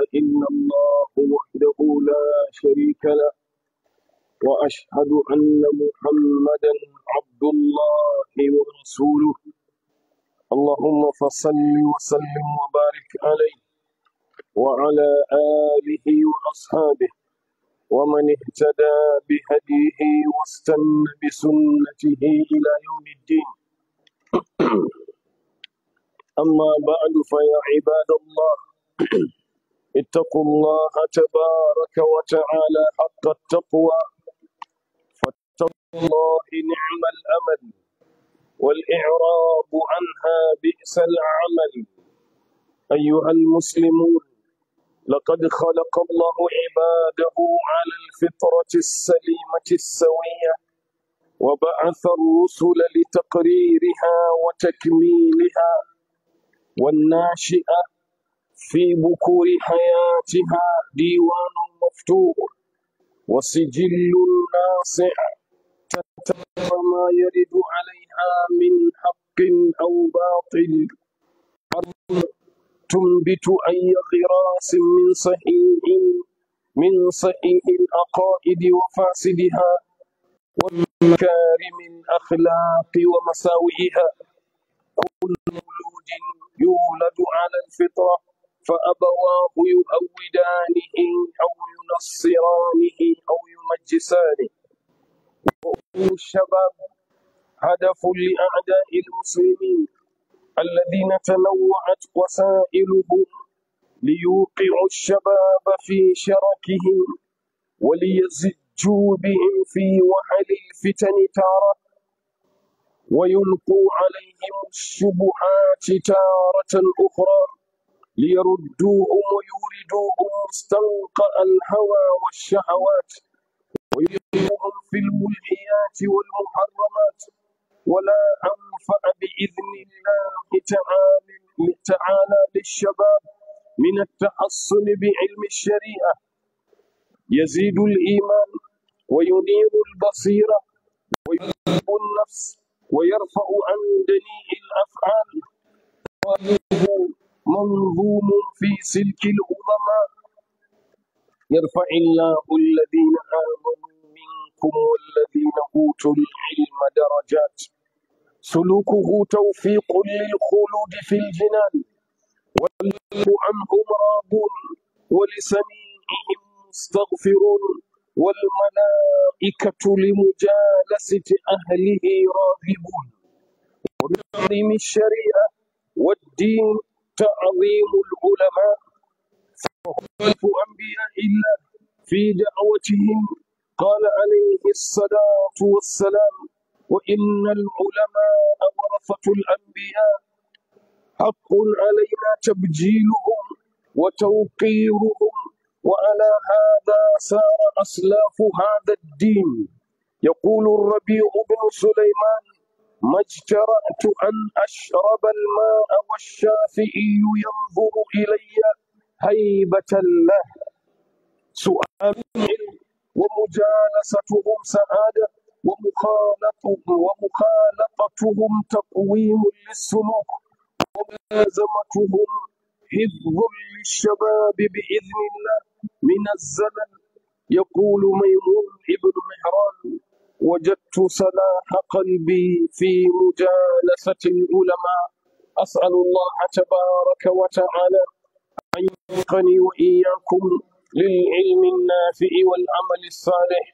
إلا الله وحده لا شريك له وأشهد أن محمدا عبد الله ورسوله اللهم فصل وسلم وبارك عليه وعلى آله وأصحابه ومن اهتدى بهديه واستنى بسنته إلى يوم الدين أما بعد فيا عباد الله اتقوا الله تبارك وتعالى حق التقوى فاتقوا الله نعم الأمل والإعراب عنها بئس العمل أيها المسلمون لقد خلق الله عباده على الفطرة السليمة السوية وبعث الرسل لتقريرها وتكميلها والناشئة في بكور حياتها ديوان مفتوح وسجل ناصع تتبع ما يرد عليها من حق أو باطل أرض تنبت أي غراس من صحيح من صحيح العقائد وفاسدها ومكارم الأخلاق ومساوئها كل مولود يولد على الفطرة فأبواه يؤودانه أو ينصرانه أو يمجسانه وأم الشباب هدف لأعداء المسلمين الذين تنوعت وسائلهم ليوقعوا الشباب في شركهم وليزجوا بهم في وحل الفتن تارة ويلقوا عليهم الشبهات تارة أخرى ليردوهم ويوردوهم مستنقع الهوى والشهوات ويلقوهم في الملهيات والمحرمات ولا أنفع بإذن الله تعالى تعالى للشباب من التحصن بعلم الشريعة يزيد الإيمان وينير البصيرة ويذهب النفس ويرفع عن دنيء الأفعال منظوم في سلك الأمم يرفع الله الذين آمنوا منكم والذين أوتوا العلم درجات سلوكه توفيق للخلود في الجنان والله عنهم راضون ولسميعهم مستغفرون والملائكة لمجالسة أهله راغبون وبتعظيم الشريعة والدين تعظيم العلماء خلف أنبياء الله في دعوتهم قال عليه الصلاة والسلام وإن العلماء ورثة الأنبياء حق علينا تبجيلهم وتوقيرهم وعلى هذا سار أسلاف هذا الدين يقول الربيع بن سليمان ما اجترأت أن أشرب الماء والشافعي ينظر إلي هيبة له سؤال العلم ومجالستهم سعادة ومخالطهم ومخالطتهم تقويم للسلوك وملازمتهم حفظ للشباب بإذن الله من الزمن يقول ميمون ابن مهران وجدت صلاح قلبي في مجالسة العلماء أسأل الله تبارك وتعالى أن يوفقني وإياكم للعلم النافع والعمل الصالح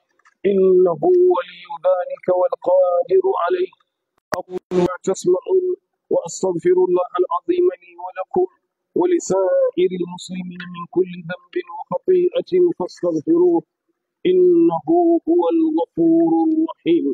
إنه ولي ذلك والقادر عليه أقول ما تسمعون وأستغفر الله العظيم لي ولكم ولسائر المسلمين من كل ذنب وخطيئة فاستغفروه إنه هو الغفور الرحيم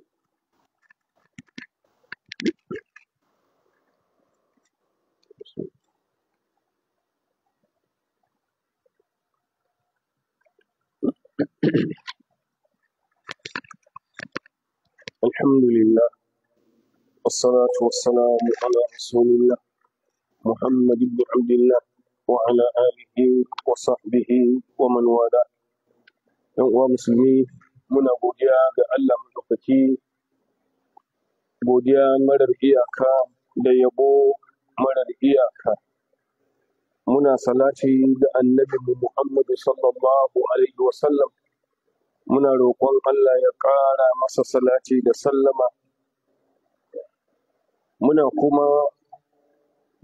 الحمد لله والصلاة والسلام على رسول الله محمد بن عبد الله وعلى آله وصحبه ومن والاه yan uwa musulmi muna godiya ga Allah madaukaki godiya marar iyaka da yabo marar iyaka muna salati ga annabi Muhammad sallallahu alaihi wasallam muna roƙon Allah ya ƙara masa salati da sallama muna kuma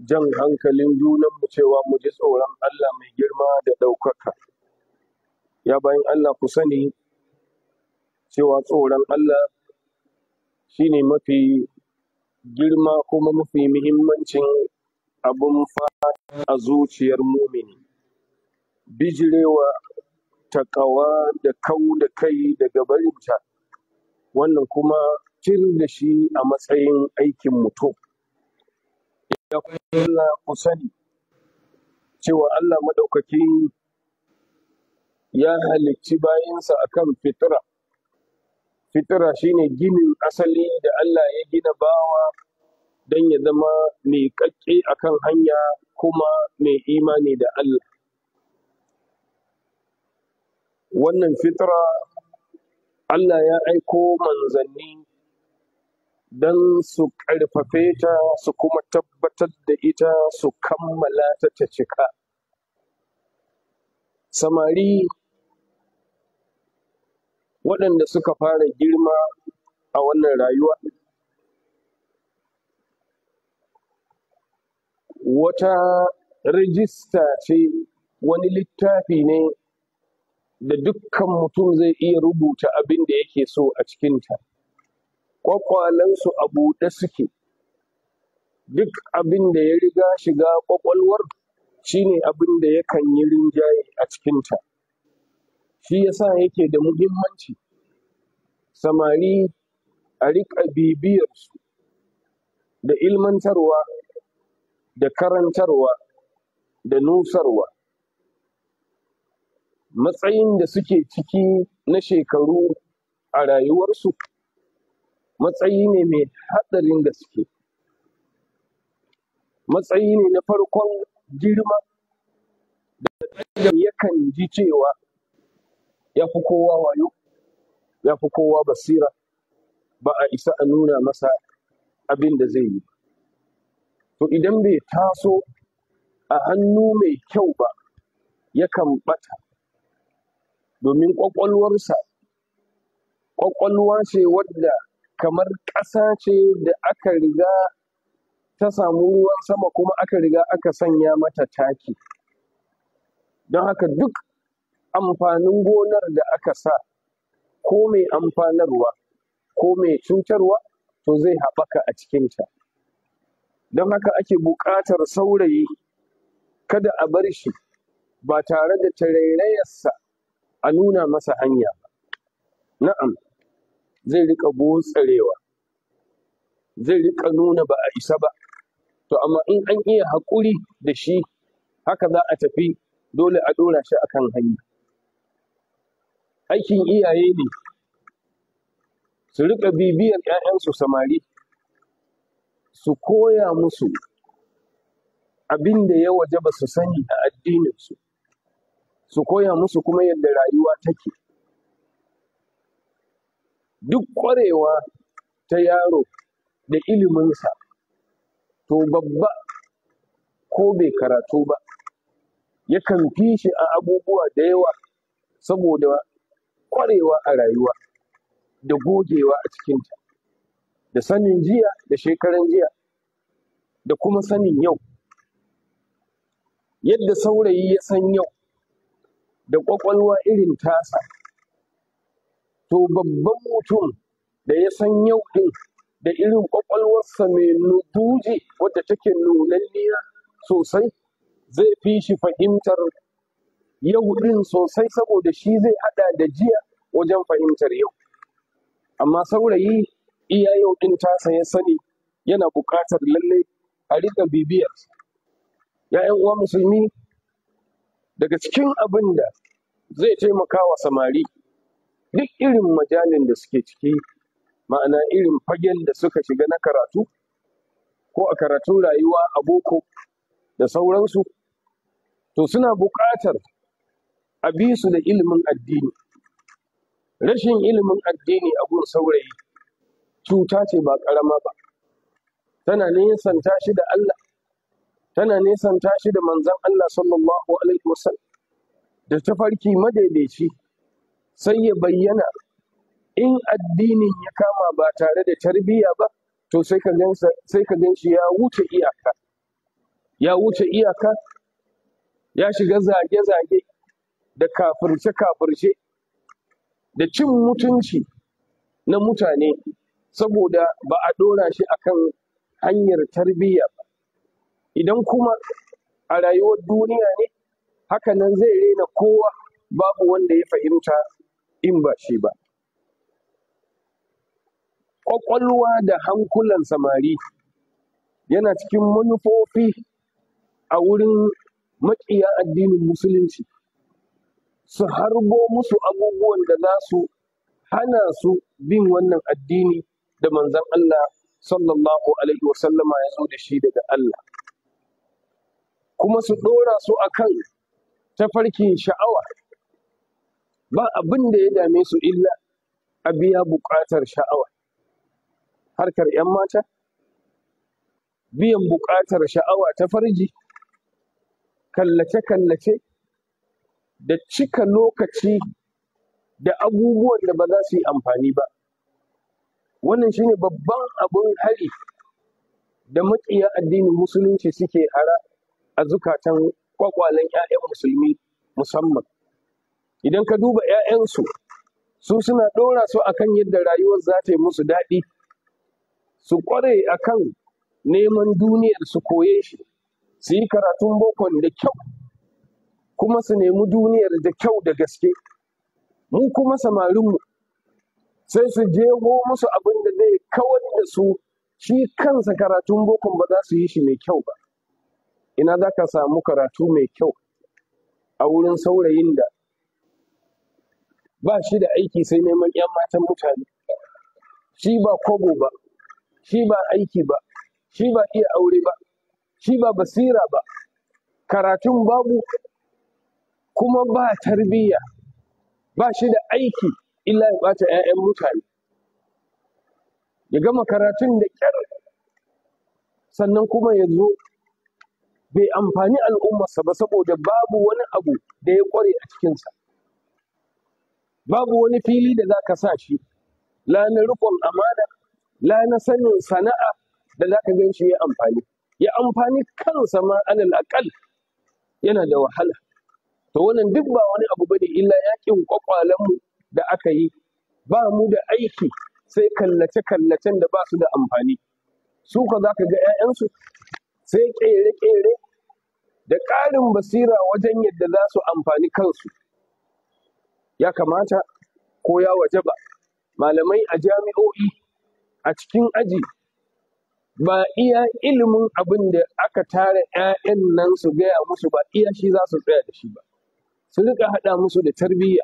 jan hankalin junanmu cewa mu ji tsoron Allah mai girma da ɗaukaka ya bayan Allah ku sani cewa tsoron Allah shi ne mafi girma kuma mafi muhimmancin abin fata a zuciyar mumini bijirewa ta ƙawa da kau da kai daga barinta wannan kuma cin da shi a matsayin aikin mutum ya kuma ku sani cewa Allah madaukakin ya halicci bayansa akan fitra fitra shine ginin asali da Allah ya gina bawa don ya zama mai kakke akan hanya kuma mai imani da Allah wannan fitra Allah ya aiko manzanni don su ƙarfafe ta su kuma tabbatar da ita su kammala ta ta cika samari waɗanda suka fara girma a wannan rayuwa wata rijista ce wani littafi ne da dukkan mutum zai iya rubuta abin da yake so a cikinta ƙwaƙwalensu a buɗe suke duk abin da ya riga shiga ƙwaƙwalwar shine abin da yakan yi rinjaye a cikinta shi yasa yake da muhimmanci samari a riƙa bibiyarsu da ilmantarwa da karantarwa da nusarwa matsayin da suke ciki na shekaru a rayuwarsu matsayi ne mai haɗarin gaske matsayi ne na farkon girma da yakan ji cewa ya fi kowa wayo ya fi kowa basira ba a isa a nuna masa abin da zai yi to idan bai taso a hannu mai kyau ba yakan bata domin ƙwaƙwalwarsa ƙwaƙwalwa ce wadda kamar ƙasa ce da aka riga ta samu ruwan sama kuma aka riga aka sanya mata taki don haka duk amfanin gonar da aka sa ko mai amfanarwa ko mai cutarwa to zai haɓaka a cikinta don haka ake buƙatar saurayi kada a bar shi ba tare da tarairayarsa a nuna masa hanya ba na'am zai riƙa gotsarewa zai riƙa nuna ba a isa ba to amma in an iya haƙuri da shi haka za a tafi dole a ɗora shi a kan hanya aikin iyaye ne su riƙa bibiyar 'ya'yansu samari su koya musu abin da ya waje ba su sani a addininsu su koya musu kuma yadda rayuwa take duk ƙwarewa ta yaro da iliminsa to babba ko bai karatu ba yakan fi shi a abubuwa da yawa saboda Kwarewa a rayuwa da gogewa a cikinta da sanin jiya da shekaran jiya da kuma sanin yau yadda saurayi ya san yau da ƙwaƙwalwa irin tasa to babban mutum da ya san yau ɗin da irin ƙwaƙwalwarsa mai nutuje wadda take nunanniya sosai zai fi shi fahimtar yau ɗin sosai saboda shi zai haɗa da jiya wajen fahimtar yau amma saurayi iya yau ɗin ta ya sani yana buƙatar lalle a riƙa bibiyar ‘ya'yan uwa musulmi daga cikin abin da zai taimaka wa samari duk irin majalin da suke ciki ma'ana irin fagen da suka shiga na karatu ko a karatun rayuwa a boko da sauransu to suna buƙatar a bi da ilimin addini rashin ilimin addini a gun saurayi cuta ce ba ƙarama ba tana nesanta shi da Allah tana nesanta shi da manzan Allah sallallahu alaihi wasallam da tafarki madaidaici sai ya bayyana in addinin ya kama ba tare da tarbiyya ba to sai ka gan shi ya wuce iyaka ya wuce iyaka ya shiga zage-zage da kafirce-kafirce da cin mutunci na mutane saboda ba a ɗora shi akan hanyar tarbiyya ba idan kuma a rayuwar duniya ne hakanan zai rena kowa babu wanda ya fahimta in ba shi ba ƙwaƙwalwa da hankulan samari yana cikin manufofi a wurin maƙiya addinin musulunci su harbo musu abubuwan da za su hana su bin wannan addini da manzan Allah sallallahu alaihi wasallama ya zo da shi daga Allah kuma su ɗora su akan tafarkin sha'awa ba abin da ya dame su illa a biya buƙatar sha'awa harkar 'yan mata biyan buƙatar sha'awa ta farji kallace-kallace da cika lokaci da abubuwan da ba za su yi amfani ba wannan shine babban abin hari da maƙiya addinin musulunci suke hara a zukatan kwakwalen 'ya'yan musulmi musamman idan ka duba 'ya'yansu su suna ɗora su akan yadda rayuwar za ta yi musu daɗi su ƙware akan neman duniyar su koye shi su yi karatun bokon da kyau kuma su nemi duniyar da kyau da gaske mu kuma samarinmu sai su jego musu abin da zai kawar da su shi kansa karatun bokon ba za su yi shi mai kyau ba ina za ka samu karatu mai kyau a wurin saurayin da ba shi da aiki sai neman 'yan matan mutane shi ba kobo ba shi ba aiki ba shi ba iya aure ba shi ba basira ba karatun babu kuma ba tarbiyya ba shi da aiki illa ya bata 'ya'yan mutane ya gama karatun da ƙyar sannan kuma ya zo bai amfani al'ummarsa ba saboda babu wani abu da ya ƙware a cikinsa babu wani fili da za ka sa shi la na riƙon amana la na sanin sana'a da za ka gan shi ya amfani ya amfani kansa ma alal aƙal yana da wahala to wannan duk ba wani abu bane illa yakin mu da aka yi ba mu da aiki sai kallace-kallacen da ba su da amfani su ka za ka ga 'ya'yansu sai ƙere-ƙere da ƙarin basira wajen yadda za su amfani kansu ya kamata ko ya waje ba malamai a jami'o'i a cikin aji ba iya ilimin abin da aka tara 'ya'yan nan su gaya musu ba iya shi za su tsaya da shi ba su rika haɗa musu da tarbiyya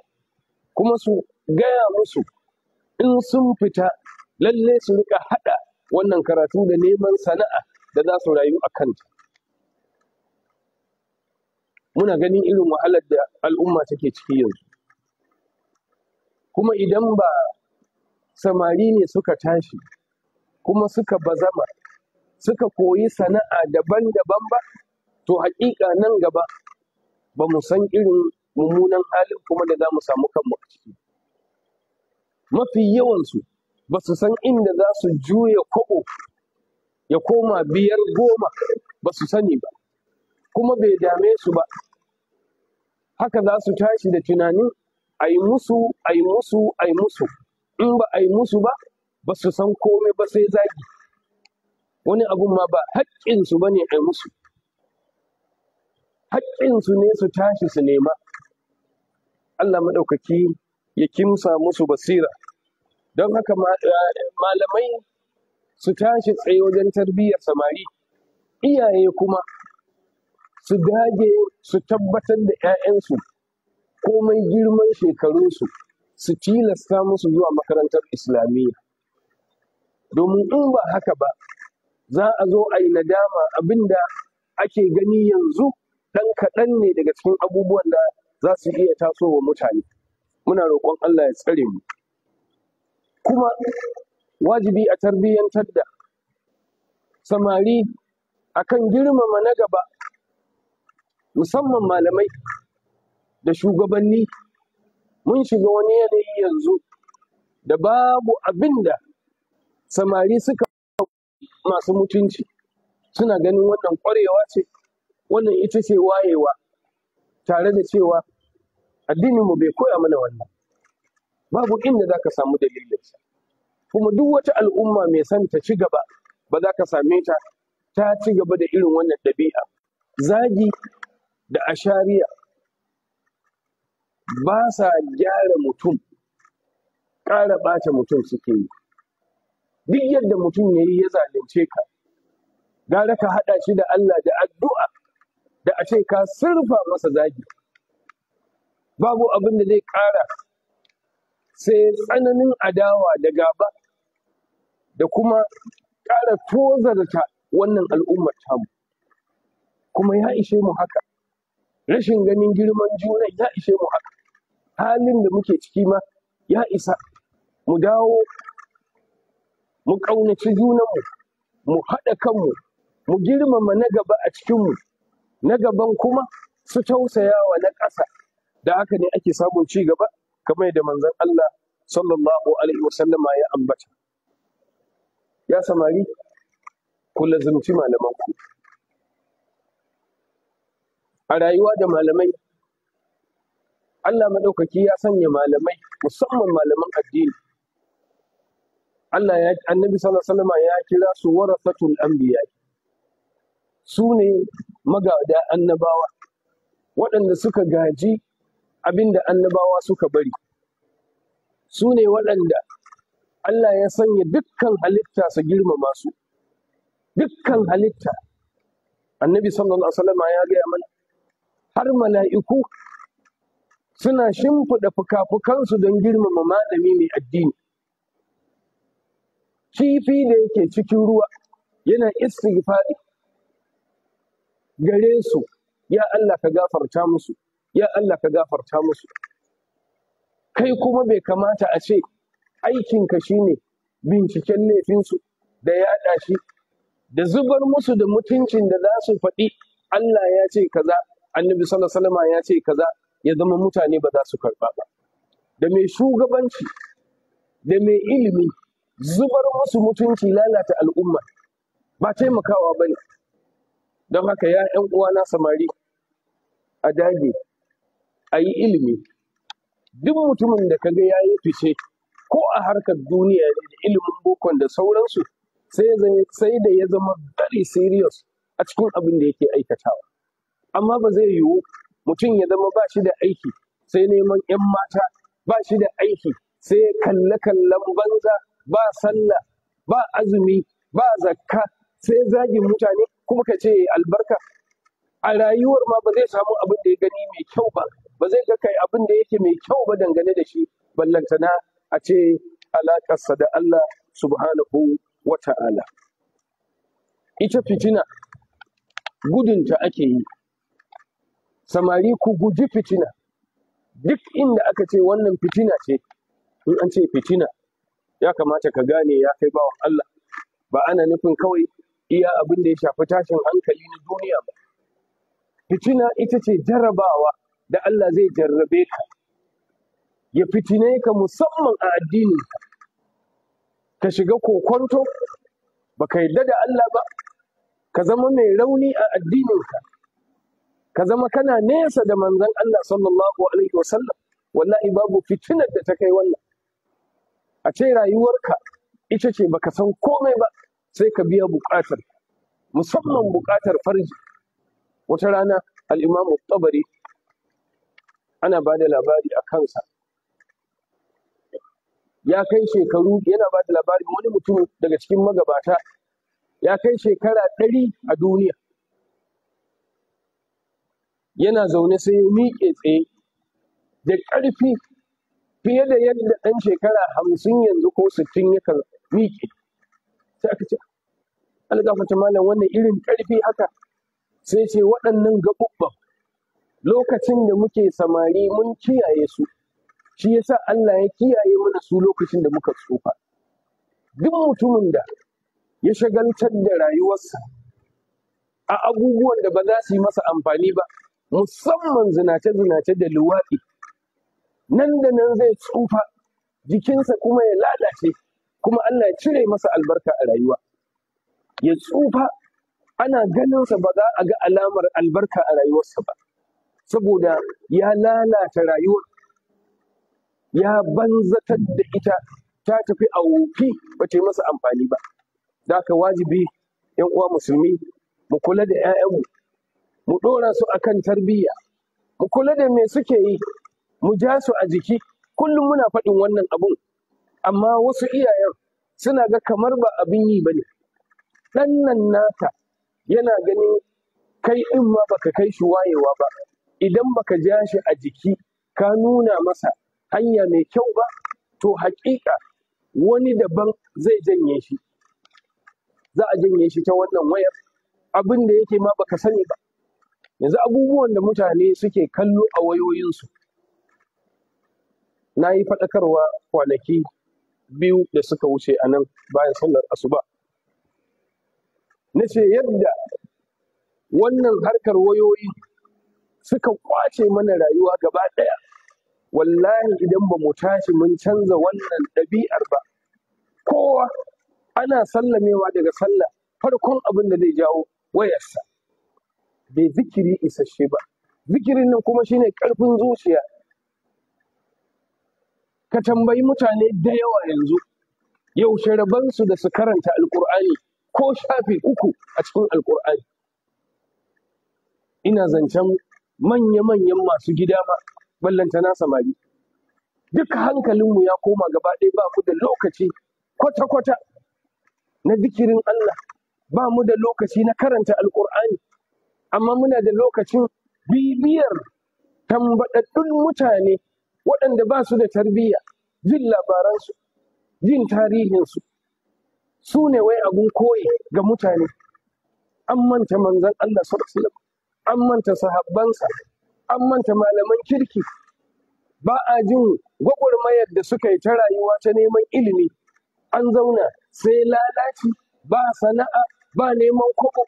kuma su gaya musu in sun fita lalle su rika haɗa wannan karatu da neman sana'a da za su rayu a kanta muna ganin irin wahalar da al'umma take ciki yanzu kuma idan ba samari ne suka tashi kuma suka bazama suka koyi sana'a daban-daban ba to haƙiƙa nan gaba ba mu san irin mummunan halin kuma da za mu samu kanmu a ciki mafi yawansu ba su san inda za su juya kobo ya koma biyar goma ba su sani ba kuma bai dame su ba haka za su tashi da tunanin ai musu a musu a musu in ba a yi musu ba ba su san komai ba sai zagi wani abun ma ba haƙƙinsu ba ne a musu haƙƙinsu ne su tashi su nema Allah maɗaukaki ya kimsa musu basira don haka eh, malamai su tashi tsaye wajen tarbiyyar samari iyaye kuma su dage su tabbatar da 'ya'yansu komai girman shekarunsu su tilasta musu zuwa makarantar islamiyya domin in ba haka ba za a zo a yi nadama abinda ake gani yanzu ɗan kaɗan ne daga cikin abubuwan da za su iya taso wa mutane muna roƙon Allah ya tsare mu kuma wajibi a tarbiyyantar da samari akan girmama na gaba musamman malamai da shugabanni mun shiga wani yanayi yanzu da babu abinda samari suka masu mutunci suna ganin wannan ƙwarewa ce wannan ita ce wayewa tare da cewa addinin mu bai koya mana wannan babu inda za ka samu dalilinsa kuma duk wata al'umma mai son ta ci gaba ba za ka same ta ta ci gaba da irin wannan ɗabi'a zagi da ashariya ba sa gyara mutum ƙara ɓata mutum suke yi duk yadda mutum ya yi ya zalunce ka gara ka haɗa shi da Allah da addu'a da a ce ka surfa masa zagi babu abin da zai ƙara sai tsananin adawa da gaba da kuma ƙara tozarta wannan al'ummar tamu kuma ya ishe mu haka rashin ganin girman juna ya ishe mu haka halin da muke ciki ma ya isa mu dawo mu ƙaunaci junanmu mu haɗa kanmu mu girmama na gaba a cikinmu na gaban kuma su tausayawa na ƙasa da haka ne ake samun ci gaba kamar da manzon Allah sallallahu alaihi wasallama ya ambata ya samari ku lazumci malamanku a rayuwa da malamai Allah maɗaukaki ya sanya malamai musamman malaman addini Allah ya annabi sallallahu alaihi wasallama ya kira su warasatul anbiya su ne magada annabawa waɗanda suka gaji abin da annabawa suka bari su ne waɗanda Allah ya sanya dukkan halitta su girmama su dukkan halitta annabi sallallahu alaihi ya gaya mana har mala'iku suna shimfiɗa fuka-fukansu don girmama malami mai addini kifi da yake cikin ruwa yana istighfari gare su ya Allah ka gafarta musu ya Allah ka gafarta musu kai kuma bai kamata a ce aikinka ne binciken laifinsu da yaɗa shi da zubar musu da mutuncin da za su faɗi Allah ya ce kaza annabi sallallahu ya ce kaza ya zama mutane ba za su karɓa ba da mai shugabanci da mai ilimi zubar musu mutunci lalata al'umma ba taimakawa ba ne don haka ya ‘yan uwana samari a dage a yi ilimi duk mutumin da kaga ya yi fice ko a harkar duniya ne da ilimin bokon da sauransu sai da ya zama very serious a cikin abin da yake aikatawa amma ba zai yiwu mutum ya zama ba shi da aiki sai neman 'yan mata ba shi da aiki sai kalle-kallen banza ba sallah ba azumi ba zakka sai zagin mutane kuma ka ce albarka a rayuwar ma ba zai samu abin da ya gani mai kyau ba ba zai ga kai abin da yake mai kyau ba dangane da shi ballantana a ce alaƙarsa da Allah subhanahu wa ta'ala ita fitina gudunta ake yi samari ku guji fitina duk inda aka ce wannan fitina ce in an ce fitina ya kamata ka gane ya kai bawan Allah ba ana nufin kawai iya abin da ya shafi tashin hankali na duniya ba fitina ita ce jarrabawa da Allah zai jarrabe ka ya fitine ka musamman a addinin ka shiga kokonto baka yadda da Allah ba ka zama mai rauni a addininka. ka ka zama kana nesa da manzan Allah sallallahu alaihi wasallam wallahi babu fitinar da ta kai wannan a ce rayuwarka ita ce baka san komai ba sai ka biya buƙatar musamman buƙatar farji wata rana al'imamu tabari ana ba da labari a kansa ya kai shekaru yana ba da labari wani mutum daga cikin magabata ya kai shekara ɗari a duniya yana zaune sai miƙe tsaye da ƙarfi fiye da yadda ɗan shekara hamsin yanzu ko sittin yakan miƙe sai aka Alƙafata malam wannan irin ƙarfi haka sai ce waɗannan gaɓuɓɓan lokacin da muke samari mun kiyaye su shi yasa Allah ya kiyaye mana su lokacin da muka tsufa duk mutumin da ya shagaltar da rayuwarsa a abubuwan da ba za su yi masa amfani ba musamman zinace-zinace da luwaɗi nan da nan zai tsufa jikinsa kuma ya lalace kuma Allah ya cire masa albarka a rayuwa ya tsufa ana ganinsa ba za a ga alamar albarka a rayuwarsa ba saboda ya lalata rayuwar ya banzatar da ita ta tafi a wofi ba ta yi masa amfani ba da aka wajibi yan uwa musulmi mu kula da 'ya'yanmu mu ɗora su a kan tarbiyya mu kula da me suke yi mu ja su a jiki kullum muna faɗin wannan abun amma wasu iyayen suna ga kamar ba abin yi ba ne ɗan nan naka yana ganin kai ɗin ma baka kai shi wayewa ba idan baka ja shi a jiki ka nuna masa hanya mai kyau ba to haƙiƙa wani daban zai janye shi za a janye shi ta wannan wayar abin da yake ma baka sani ba yanzu abubuwan da mutane suke kallo a wayoyinsu na yi faɗakarwa kwanaki biyu da suka wuce a nan bayan sallar asuba na ce yadda wannan harkar wayoyi suka kwace mana rayuwa gaba ɗaya wallahi idan ba mu tashi mun canza wannan ɗabi'ar ba kowa ana sallamewa daga sallah farkon abin da zai jawo wayarsa bai zikiri isasshe ba zikirin nan kuma shine ƙarfin zuciya ka tambayi mutane da yawa yanzu yaushe rabansu da su karanta alkur'ani ko shafe uku a cikin alkur'ani ina zancen manya-manyan masu gida ma ballanta na samari duk hankalinmu ya koma gaba ɗaya ba mu da lokaci kwata-kwata na zikirin Allah ba mu da lokaci na karanta alkur'ani amma muna da lokacin bibiyar tambaɗaɗɗun mutane waɗanda ba su da tarbiyya jin labaransu jin tarihinsu su ne wai abun koyi ga mutane an manta manzan Allah sallallahu an manta sahabbansa an manta malaman kirki ba a jin gwagwarmayar da suka yi ta rayuwa ta neman ilimi an zauna sai lalaci ba sana'a ba neman kwabo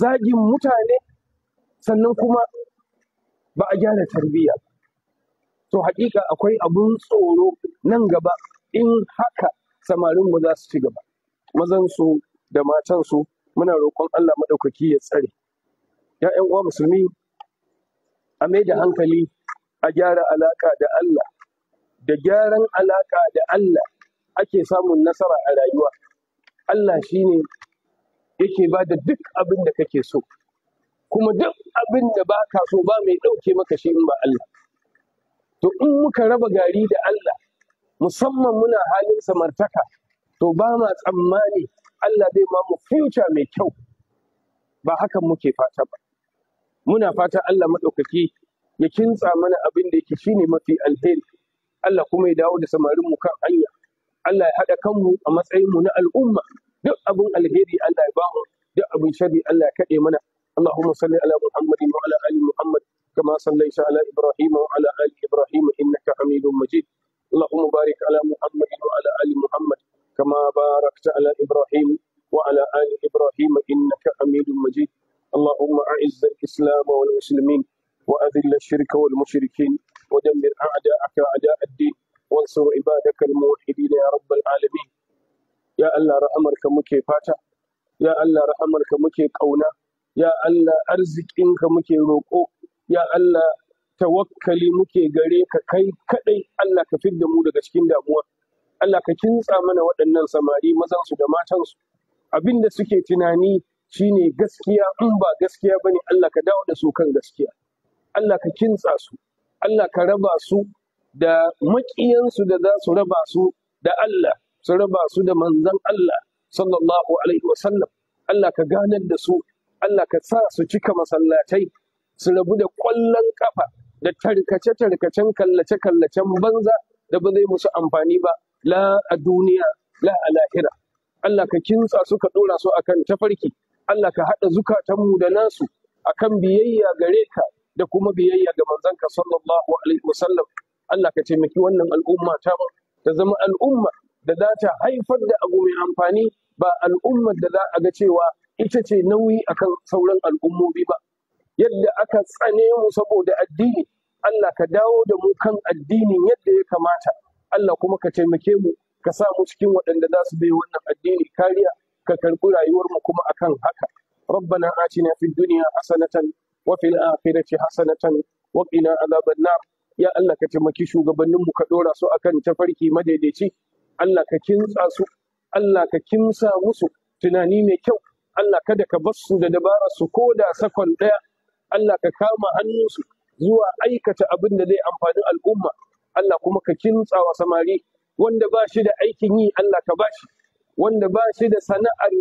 zagin mutane sannan kuma ba a gyara tarbiyya to hakika akwai abun tsoro nan gaba in haka samarinmu za su ci gaba mazansu da matansu muna roƙon Allah maɗaukaki ya tsare ‘ya'yan uwa musulmi a mai da hankali a gyara alaƙa da Allah da gyaran alaƙa da Allah ake samun nasara a rayuwa Allah shi ne yake ba da duk abin da kake so kuma duk abin da ba so ba mai ɗauke maka shi in ba Allah to in muka raba gari da Allah musamman muna halin samartaka to ba ma tsammani Allah zai ba mu future mai kyau ba hakan muke fata ba muna fata Allah maɗaukaki ya kintsa mana abin da yake shine mafi alheri Allah kuma ya dawo da samarin mu kan hanya Allah ya haɗa kanmu a matsayin mu na al'umma duk abin alheri Allah ya ba mu duk abin shari Allah ya kaɗe mana اللهم صل على محمد وعلى ال محمد كما صليت على ابراهيم وعلى ال ابراهيم انك حميد مجيد اللهم بارك على محمد وعلى ال محمد كما باركت على إبراهيم وعلى آل إبراهيم إنك حميد مجيد اللهم أعز الإسلام والمسلمين وأذل الشرك والمشركين ودمر أعداءك أعداء الدين وانصر عبادك الموحدين يا رب العالمين يا الله رحمك مكي فاتا يا الله رحمك مكي قونا يا الله أرزق إنك مكي روكو يا الله tawakkali muke gare ka kai kadai Allah ka fidda mu daga cikin damuwa Allah ka kintsa mana waɗannan samari mazansu da matansu abin da suke tunani shine gaskiya in ba gaskiya ba ne. Allah ka dawo da su kan gaskiya Allah ka kintsa su Allah ka raba su da maƙiyansu da za su raba su da Allah su raba su da manzan Allah sallallahu alaihi wasallam Allah ka ganar da su Allah ka sa su cika masallatai su rabu da ƙwallon kafa da tarkace-tarkacen kallace-kallacen banza da ba zai musu amfani ba la a duniya la a lahira Allah ka kintsa suka ka ɗora su akan tafarki Allah ka haɗa zukatanmu da nasu akan biyayya gare ka da kuma biyayya ga manzanka sallallahu alaihi wasallam Allah ka taimaki wannan al'umma ta ta zama al'umma da za ta haifar da abu mai amfani ba al'ummar da za a ga cewa ita ce nauyi akan sauran al'ummomi ba yadda aka tsane mu saboda addini Allah ka dawo da mu kan addinin yadda ya kamata Allah kuma ka taimake mu ka sa mu cikin waɗanda za su bai wannan addini kariya ka karɓi rayuwarmu kuma akan haka ربنا آتنا في الدنيا حسنة وفي الآخرة حسنة وقنا عذاب النار يا الله كتمكي shugabanninmu ka ɗora su akan tafarki madaidaici Allah ka kintsa su Allah ka kimsa musu tunani mai kyau Allah kada ka bar su da dabarar su ko da sakon ɗaya Allah ka kama hannunsu zuwa aikata abin da zai amfani al'umma Allah kuma ka wa samari wanda ba shi da aikin yi Allah ka bashi wanda ba shi da sana'ar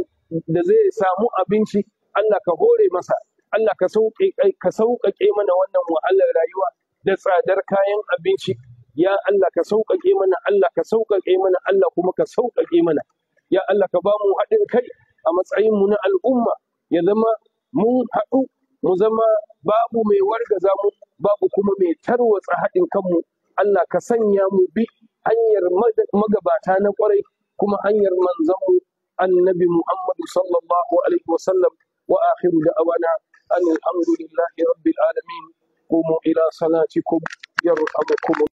da zai samu abinci Allah ka hore masa Allah eh, ka sauƙaƙe mana wannan wahalar rayuwa da tsadar kayan abinci ya Allah ka sauƙaƙe mana Allah ka sauƙaƙe mana Allah kuma ka sauƙaƙe mana ya Allah ka ba mu haɗin kai a matsayin mu na al'umma ya zama mun haɗu mu zama babu mai wargaza mu babu kuma mai tarwatsa haɗin kanmu Allah ka sanya mu bi hanyar magabata na kwarai kuma hanyar manzanmu annabi Muhammad sallallahu alaihi wasallam wa akhiru da'awana alhamdulillahi rabbil alamin قوموا إلى صلاتكم يرحمكم